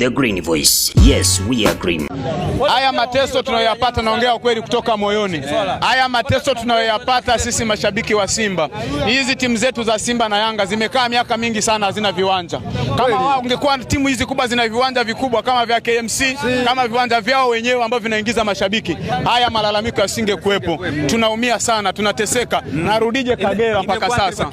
The Green Voice. Yes, we are green. Haya mateso tunayoyapata, naongea ukweli kutoka moyoni. Haya mateso tunayoyapata sisi mashabiki wa Simba, hizi timu zetu za Simba na Yanga zimekaa miaka mingi sana hazina viwanja. Kama ungekuwa timu hizi kubwa zina viwanja vikubwa kama vya KMC, kama viwanja vyao wenyewe ambavyo vinaingiza mashabiki, haya malalamiko yasingekuwepo. Tunaumia sana, tunateseka. Narudije Kagera mpaka sasa,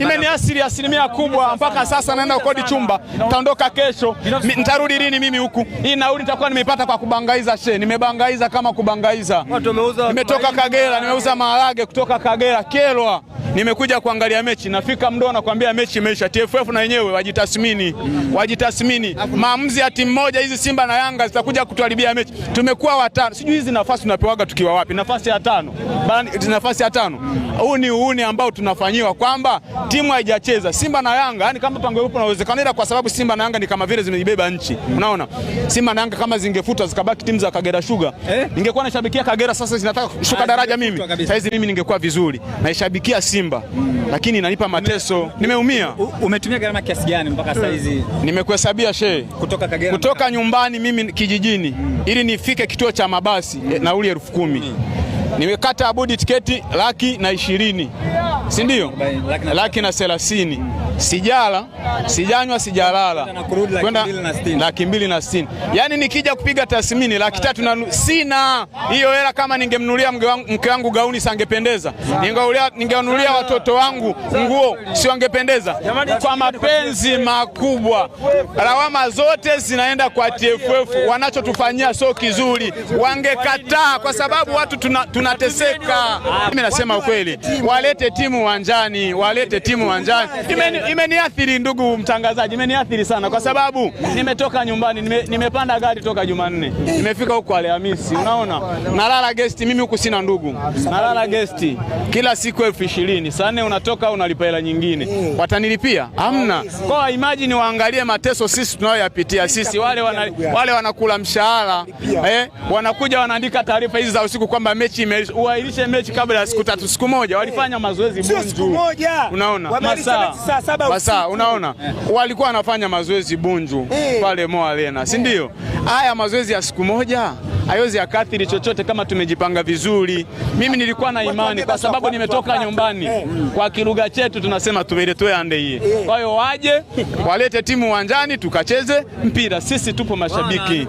imeniasiri asilimia kubwa mpaka sasa, naenda kukodi chumba, taondoka kesho, nitarudi nauli lini mimi huku? Hii nauli nitakuwa nimeipata kwa kubangaiza she, nimebangaiza kama kubangaiza. Nimetoka Kagera, nimeuza maharage kutoka Kagera Kelwa nimekuja kuangalia mechi, nafika mdo, nakwambia mechi imeisha. TFF na wenyewe wajitathmini, wajitathmini. Maamuzi ya timu moja hizi, Simba na Yanga, zitakuja kutuharibia mechi. Tumekuwa watano, sijui hizi nafasi tunapewaga tukiwa wapi? Nafasi ya tano, nafasi ya tano. Huu ni uuni ambao tunafanyiwa kwamba timu haijacheza Simba na Yanga, yani kama pangekuwepo na uwezekano, ila kwa sababu Simba na Yanga ni kama vile zimejibeba nchi. Unaona, Simba na Yanga kama zingefutwa zikabaki timu za Kagera Sugar, eh? ningekuwa nashabikia Kagera, sasa zinataka kushuka daraja, mimi saizi mimi ningekuwa vizuri, naishabikia Simba Simba lakini inanipa mateso, nimeumia. Umetumia gharama kiasi gani mpaka sasa hizi? Nimekuhesabia shehe, kutoka Kagera, kutoka nyumbani mimi kijijini mm. ili nifike kituo cha mabasi mm. nauli elfu kumi mm nimekata abudi tiketi laki na ishirini, si ndio? Laki na thelathini. Mm. Sijala, sijanywa, sijalala, kwenda laki mbili na sitini. Yaani nikija kupiga tasmini laki tatu na sina hiyo hela. Kama ningemnulia mke wangu gauni sangependeza, ningewanunulia watoto wangu nguo siwangependeza. Kwa mapenzi makubwa, lawama zote zinaenda kwa TFF, wanachotufanyia sio kizuri. Wangekataa kwa sababu watu tuna, tuna tunateseka. Mimi nasema ukweli, walete timu uwanjani, walete timu uwanjani. Imeniathiri ime ndugu mtangazaji, imeniathiri sana kwa sababu nimetoka nyumbani, nime, nimepanda gari toka Jumanne, nimefika huko Alhamisi, unaona nalala gesti. Mimi huku sina ndugu, nalala gesti kila siku elfu ishirini. Saa nne unatoka unalipa hela nyingine, watanilipia amna Kwa imagine waangalie mateso sisi tunayoyapitia sisi, wale, wana, wale wanakula mshahara eh, wanakuja wanaandika taarifa hizi za usiku kwamba mechi wailishe mechi kabla ya siku tatu, siku moja walifanya mazoezi Bunju, unaona masaa, unaona eh. walikuwa wanafanya mazoezi Bunju eh. pale Mo Arena, si ndio? Haya mazoezi ya siku moja haiwezi kathiri chochote kama tumejipanga vizuri. Mimi nilikuwa na imani kwa sababu nimetoka nyumbani, eh. kwa kilugha chetu tunasema ande hiye. Kwa hiyo waje walete timu uwanjani tukacheze mpira, sisi tupo mashabiki.